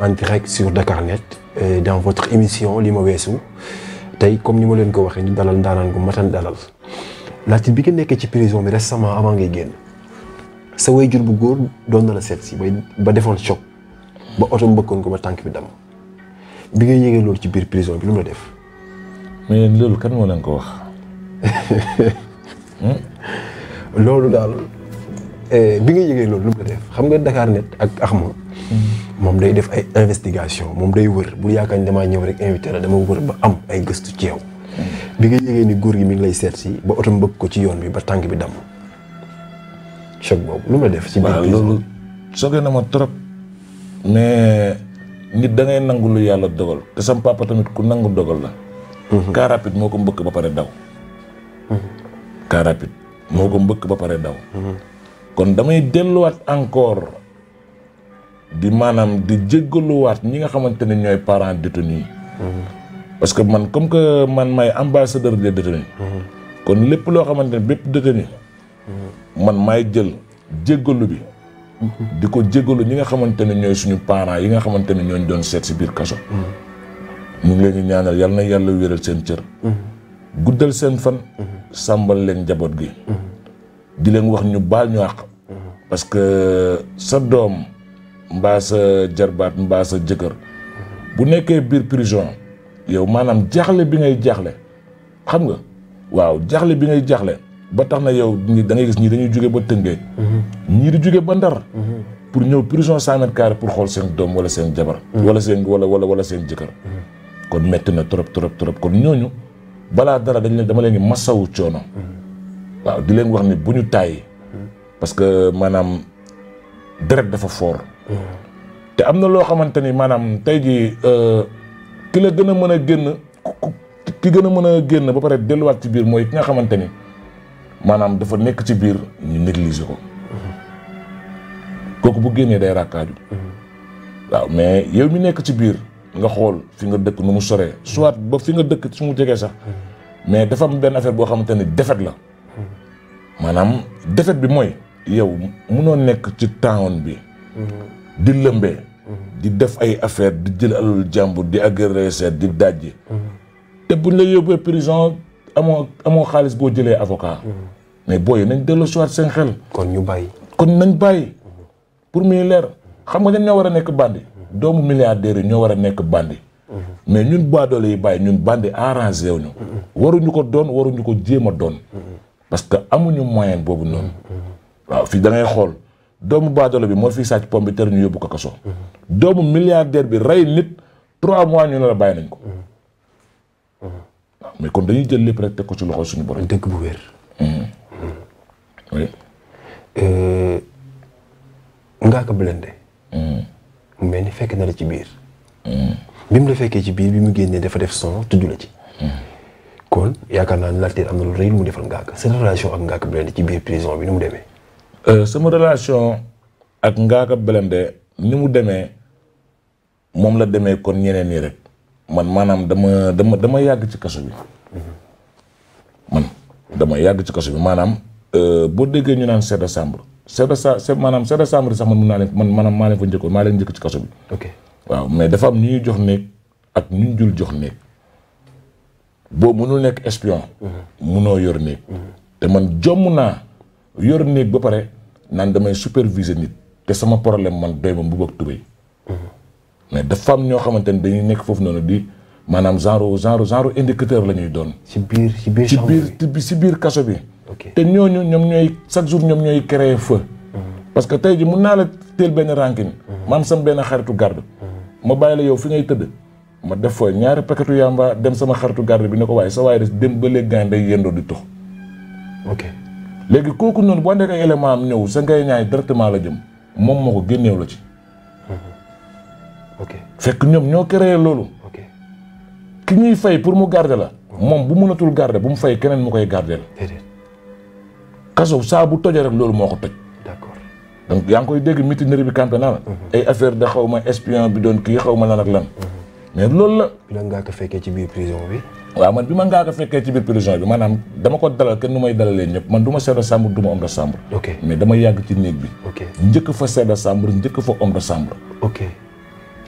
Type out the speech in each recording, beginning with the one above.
en direct sur Dakarnet euh, dans votre émission li ma weesu tey comme ni ma leen ko waxee ñu dalal ndaanaan gu matan dalal Latir bi nga nekkee ci prison bi récemment avant ngay génn sa wayjur bu góor doon na la seet si bay ba defoon choc ba oto mbëkkoon ko ba tànk bi dam bi nga yëgee loolu ci biir prison bi lu mu la def. mais loolu kan moo leen ko wax. Hmm? loolu daal. Eh, bi nga yëgee loolu lu mu def xam nga Dakar Net ak Axma. moom day def ay investigation moom day wër bu yaakaar ni damaa ñëw rek invité la dama wër ba am ay gëstu ci yow. bi nga yëgee ni góor gi mi ngi lay seet si ba oto mbëkk ko ci yoon bi ba tànk bi damm. choc boobu lu mu def. ci biir loolu soge na ma trop. mais nit da nangu lu yàlla dogal te sam papa tamit ku nangu dogal la. car moo ko mbëkk ba pare daw. car rapide moo ko mbëkk ba pare daw. Mhm. kon damay delluwaat encore di maanaam di jéggaluwaat ñi nga xamante ne ñooy parents détenus yi parce que man comme que man may ambassadeur des détenus kon lépp loo xamante ne bépp détenu man maay jël jéggalu bi di ko jéggalu ñi nga xamante ne ñooy suñu parents yi nga xamante ne ñooñ doon seet si biir kaso ñu ngi leen di ñaanal yal na yàlla wéral seen cër guddal seen fan sàmbal leen njaboot gi di leen wax ñu baal ñu àq parce que sa doom mbaa sa jarbaat mbaa sa jëkkër bu nekkee biir prison yow maanaam jaaxle bi ngay jaaxle xam nga waaw jaaxle bi ngay jaaxle ba tax na yow da ngay gis ñii dañuy jóge ba Tëngéej mhm. ñii di jóge ba Ndar mhm. pour ñëw prison cent mètres carrés pour xool seen doom wala seen jabar mhm. wala seen wala wala wala seen jëkkër kon métti na trop trop trop kon ñooñu balaa dara dañ leen dama leen di masawu coono waaw di leen wax ni bu ñu tàyyi parce que maanaam deret dafa foor te am na loo xamante ni maanaam tey jii euh, ki la gën a mën a génn ki gën a mën a génn ba pare delluwaat ci biir mooy ki nga xamante ni maanaam dafa nekk ci biir ñu négliger ko. kooku bu génnee day raakaaju. waaw mais yow mi nekk ci biir nga xool fi nga dëkk nu mu soree soit ba fi nga dëkk su mu jegee sax mais dafa am benn affaire boo xamante ni defet la maanaam defet bi mooy. yow munoo nekk ci town bi. Mm-hmm. di lëmbee. Mm-hmm. di def ay affaire di jël alalu jàmbur di agresser di dajji. Mm-hmm. te buñ la yóbbee prison amoo amoo xaalis boo jëlee avocat. mais booy nañ dellu si seen xel. kon ñu bàyyi. kon nañ bàyyi. pour muy leer xam nga ñun ñoo war a nekk bandi. doomu milliardaires yi ñoo war a nekk bandi. mais ñun doole yi bàyyi ñun bandi arrangé wu ñu. waruñu ko doon waruñu ko jéem a doon. parce que amuñu moyen boobu noonu. waaw fii da xool doomu baadolo bi moo fi sàcc pomme bi te ñu yóbbu ko kaso. doomu milliardaire bi rey nit trois mois ñu ne la bàyyi nañ ko. mais kon dañuy jël lépp rek teg ko ci loxo suñu borom. dëgg bu wér. Hmm. oui. Euh, Ngaaka Blindé. Hmm. mu mel ni fekk na la ci biir. Hmm. bi mu la ci biir bi mu génnee dafa def son tudd la ci. kon yaakaar naa ne Latir am na lu rëy lu mu defal Ngaaka sa relation ak Ngaaka Blindé ci biir prison bi nu mu demee. Euh, sama relation ak Ngaaka Blindé ni mu demee moom la demee kon ñeneen ñi rek man maanaam dama dama dama yàgg ci kaso bi man dama yàgg ci kaso bi maanaam euh, boo déggee ñu naan sept décembre sept décembre maanaam sept décembre sax man mun naa leen man maanaam maa leen fa njëkkoon maa leen njëkk ci kaso bi. ok waaw mais dafa am ñu ñuy jox néeg ak ñu ñu dul jox néeg boo mënul nekk espion. Mhm. munoo yor néeg. Mhm. te man jomm naa. yor néeg ba pare naan damay superviser nit te sama problème man doy ma mbubb ak tubéy mhm. mais dafa am ñoo xamante ne dañuy nekk foofu noonu di maanaam genre genre genre indicateur la ñuy doon. ci biir ci biir ci biir ci biir kaso bi. te ñooñu ñoom ñooy chaque jour ñoom ñooy créer feu. Mhm. parce que tey ji mun naa la teel benn rancune. Mhm. ma am sama benn xaritu garde. ma bàyyi la yow fi ngay tëdd. ma def fa ñaari paquetu yamba dem sama xaritu garde bi ne ko waaye sa waaye des dem ba léegi gaañ day yendoo di tox ok. léegi kooku noonu bu àndee ay élément am ñëw sa ngay ñaay directement la jëm moom moo ko génneew la ci. ok fekk ñoom ñoo créé loolu. ok ki ñuy fay pour mu garder la. moom bu mënatul garde bu mu fay keneen mu koy gardeel. kaso saa bu rek loolu moo ko toj. d'accord donc yaa ngi koy dégg mutinerie bi campagne la. Mhm. ay affaire de xaw ma espion bi doon kii xaw ma lan ak lan. Mhm. mais loolu la. lan ngaa ko fekkee ci biir prison bi. waaw man bi man ngaa ko fekkee ci biir prison bi maanaam dama ko dalal kenn nu may dalalee ñëpp man du ma seede chambre du ma homme de chambre. ok mais dama yàgg ci néeg bi. ok njëkk fa seede chambre njëkk fa homme de chambre. ok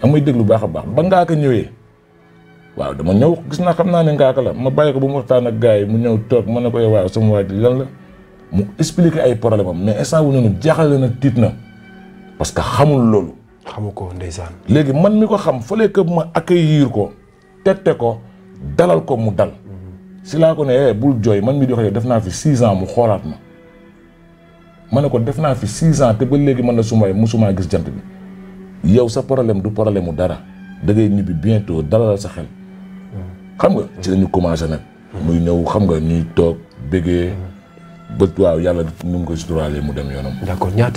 amay déglu baax a baax ba ngaa ko ñëwee. waaw dama ñëw gis naa xam naa ne ngaaka la ma bàyyi ko bu mu waxtaan ak gars yi mu ñëw toog mën na koy waaw sama waa ji lan la mu expliquer ay problème am mais instant wu noonu jaaxale na tiit na parce que xamul loolu xamu ko ndeysaan. léegi man mi ko xam fallait que ma yiir ko tette ko dalal ko mu dal. Mm-hmm. si laa ko ne eh, bul jooy man mi di wax def naa fi six ans mu xoolaat ma. ma ne ko def naa fi six ans te ba léegi man la su may musumaa gis jant bi yow sa problème du problème mu dara da ngay ñibbi bientôt dalal sa xel. Mm-hmm. xam nga ci lañu commencé nag. Mm-hmm. muy ñëw xam nga ñuy toog bëggee. bët waaw yàlla nu mu koy suturaalee mu dem yoonam. d'accord